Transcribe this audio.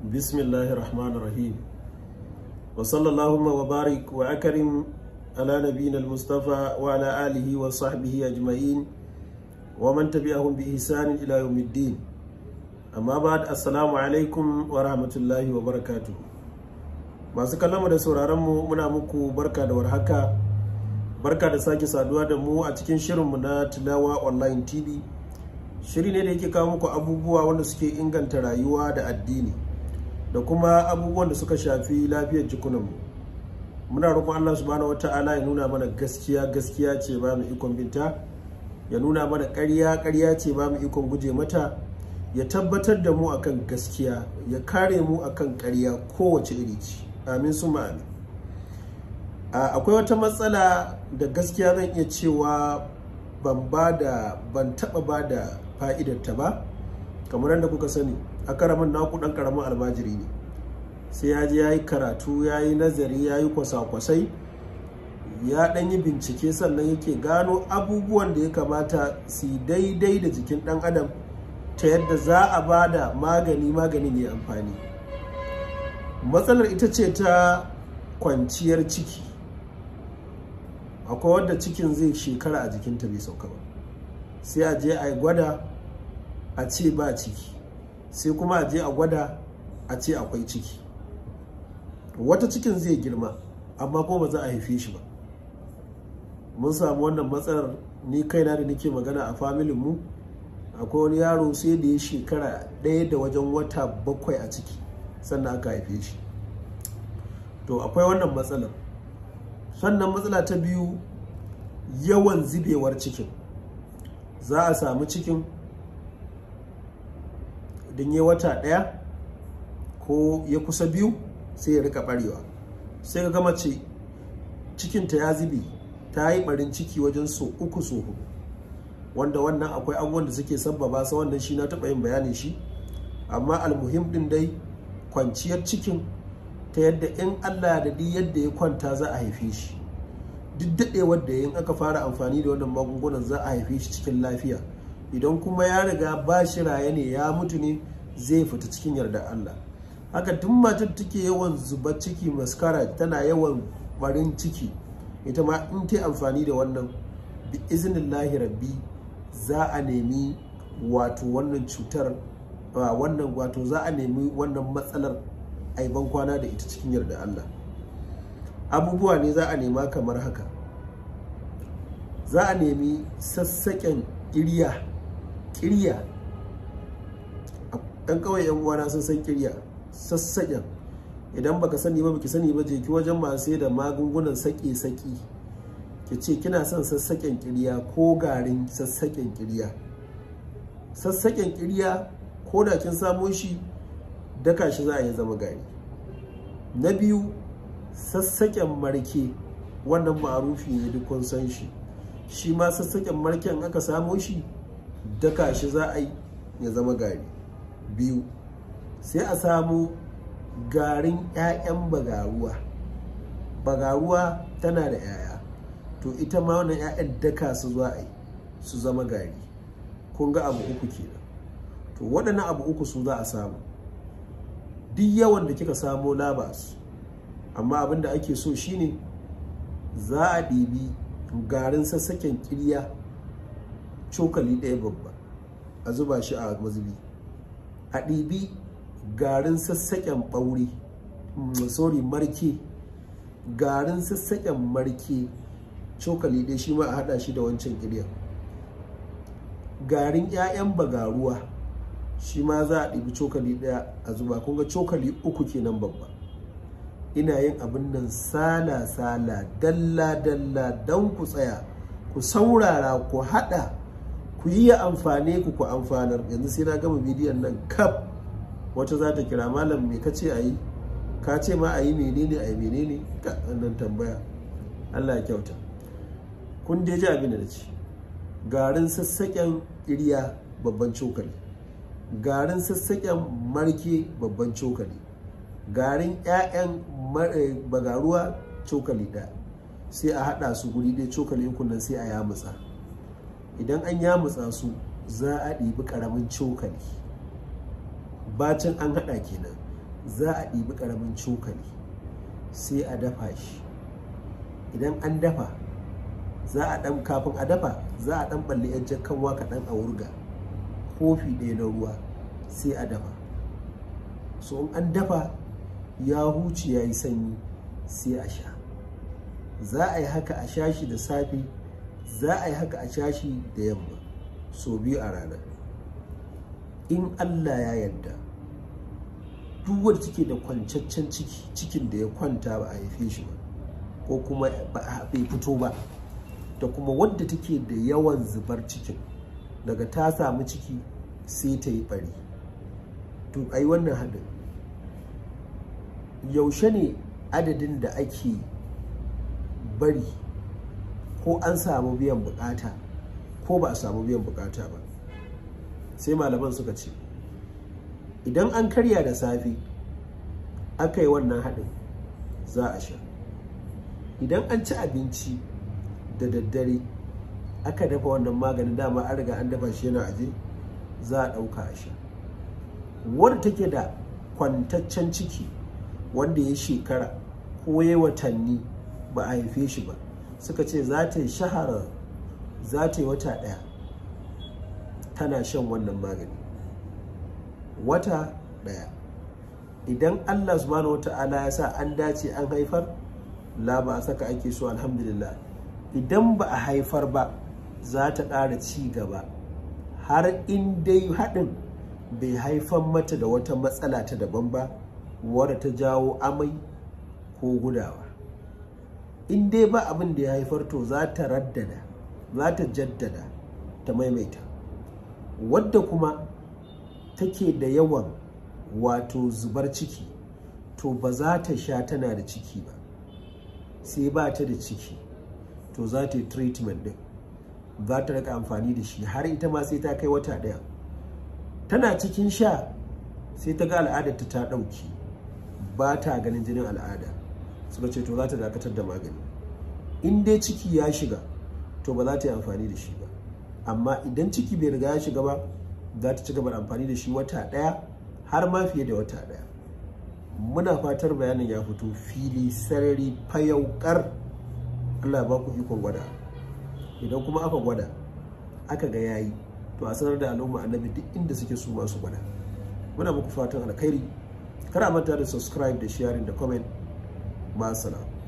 Bismillahi rahmanir rahim wa sallallahu wa barik wa akarim ala nabiyina al-mustafa wa ala alihi wa sahbihi ajma'in wa man tabi'ahum bi ihsanin ila yawmiddin amma ba'd assalamu alaikum wa rahmatullahi wa barakatuh masu kallon da sauraron mu muna muku barka da warhaka barka da sake saduwa da mu a cikin shirinmu na tilawa online tv shiri ne da yake kawo muku abubuwa wanda suke inganta rayuwa da addini da kuma abubuwan da suka shafi lafiyar jikunanmu muna roƙon Allah subhanahu wata'ala ya nuna mana gaskiya gaskiya ce ba mu ikon binta ya nuna mana ƙarya ƙarya ce ba mu ikon guje mata ya tabbatar da mu akan gaskiya ya kare mu akan ƙarya kowace iri ce amin su amin akwai wata matsala da gaskiya zan iya cewa ban ba ban taɓa ba da fa'idarta ba kamar yadda kuka sani a karamin naku dan karamin almajiri ne sai ya je ya yi karatu ya yi nazari ya yi kwasa-kwasai ya dan yi bincike sannan yake gano abubuwan da ya kamata su daidai da jikin dan adam ta yadda za a ba da magani maganin ya amfani matsalar ita ce ta kwanciyar ciki akwai wadda cikin zai shekara a jikinta bai sauka ba sai a je a yi gwada a ce ba ciki sai kuma a je a gwada a ce akwai ciki wata cikin zai girma amma ko ba za a haife shi ba mun samu wannan matsalar ni kaina da nake magana a familin mu akwai wani yaro sai da ya shekara ɗaya da wajen wata bakwai a ciki sannan aka haife shi to akwai wannan matsalar sannan matsala ta biyu yawan zubewar cikin za a samu cikin idan ya wata ɗaya ko ya kusa biyu sai ya rika barewa sai ga gama ce cikinta ya zubi ta yi barin ciki wajen so uku so hudu wanda wannan akwai abubuwan da suke sabbaba sa wannan shi na taɓa yin bayanin shi amma almuhim din dai kwanciyar cikin ta yadda in Allah da di yadda ya kwanta za a haife shi duk daɗewar da yin aka fara amfani da wannan magungunan za a haife shi cikin lafiya idan kuma ya riga ba shi raye ne ya mutu ne zai fita cikin yarda Allah haka tun matar take yawan zuba ciki maskara tana yawan farin ciki ita ma in ta amfani da wannan bi iznillahi rabbi za a nemi wato wannan cutar wannan wato za a nemi wannan matsalar aiban kwana da ita cikin yarda Allah abubuwa ne za a nema kamar haka za a nemi sassaƙen ƙirya ƙirya dan kawai yan uwana sun san kirya sassaƙen idan baka sani ba baki sani ba je ki wajen masu da magungunan sake saki ki ce kina son sassaken kirya ko garin sassaken kirya sassaken kirya ko da kin samo shi daka shi za a yi zama gari na biyu sassaƙen marke wannan ma'arufi ne duk kun san shi shi ma sassaken marken aka samo shi daka shi za a yi ya zama gari biyu sai a samu garin 'ya'yan bagaruwa bagaruwa tana da 'ya'ya to ita ma wannan 'ya'yan daka su zuwa a yi su zama gari kun ga abu uku kenan to waɗannan abu uku su za a samu duk yawan da kika samo labas amma abin da ake so shine za a ɗibi garin sassaken kirya cokali ɗaya babba a zuba shi a mazubi a ɗibi garin sassaƙen ɓauri mm, sorry marke garin sassaƙen marke cokali dai shi ma a haɗa shi da wancan ƙirya garin 'ya'yan bagaruwa shi ma za a ɗibi cokali ɗaya a zuba kun cokali uku kenan babba ina yin abin nan sala-sala dalla-dalla don ku tsaya ku saurara ku haɗa ku yi ya amfane ku ku amfanar yanzu sai na gama bidiyon nan kaf wata za ta kira malam me ka ce a yi ka ce ma a yi menene a yi menene ka nan tambaya allah ya kyauta kun dai ji abin da ce ci garin sassaƙen ƙirya babban cokali garin sassaƙen marke babban cokali garin 'ya'yan eh, bagaruwa cokali ɗaya sai a haɗa su guri ɗaya cokali yankunan sai a yamutsa idan an yamutsa su za a ɗibi ƙaramin cokali bacin an haɗa kenan za a ɗibi ƙaramin cokali sai a dafa shi idan an dafa za a ɗan kafin a dafa za a ɗan balle yan jakkanwa kaɗan a wurga kofi ɗaya na ruwa sai a dafa so in an dafa ya huce ya yi sanyi sai a sha za a yi haka a sha shi da safe za a yi haka a shashi da yamma so biyu a rana in allah ya yarda duk cike da kwancaccen ciki cikin da ya kwanta ba a haife shi ba ko kuma bai fito ba da kuma wadda take da yawan zubar cikin daga ta samu ciki sai ta yi bari to ai wannan hadin. yaushe ne adadin da ake bari ko an samu biyan bukata ko ba a samu biyan bukata ba sai malaman suka ce idan an karya da safe aka yi wannan haɗin za a sha idan an ci abinci da daddare aka dafa wannan maganin dama an riga an dafa shi yana aje za a ɗauka a sha wadda take da kwantaccen ciki wanda ya shekara ko ya watanni ba a haife shi ba suka ce za ta yi shahara za ta yi wata ɗaya tana shan wannan magani wata ɗaya idan allah subhanahu wata'ala ya sa an dace an haifar la ba a saka ake so alhamdulillah idan ba a haifar ba za ta ƙara ci gaba har in dai haɗin bai haifar mata da wata matsala ta daban ba wadda ta jawo amai ko gudawa in dai ba abin da ya haifar to za ta raddada za ta jaddada ta maimaita wadda kuma take da yawan wato zubar ciki to ba za ta sha tana da ciki ba sai ba ta da ciki to za ta yi treatment din za ta raka amfani da shi har ita ma sai ta kai wata ɗaya tana cikin sha sai ta ga al'adarta ta ɗauki ba ta ganin jinin al'ada suka ce to za ta dakatar da magani in dai ciki ya shiga to ba za ta yi amfani da shi ba amma idan ciki bai riga ya shiga ba za ta ci gaba amfani da shi wata ɗaya har ma fiye da wata ɗaya muna fatar bayanin ya fito fili sarari fayaukar Allah ba ku ikon gwada idan kuma aka gwada aka ga yayi to a sanar da al'umma annabi duk inda suke su masu gwada muna muku fatan alkhairi a manta da subscribe da sharing da comment مثلا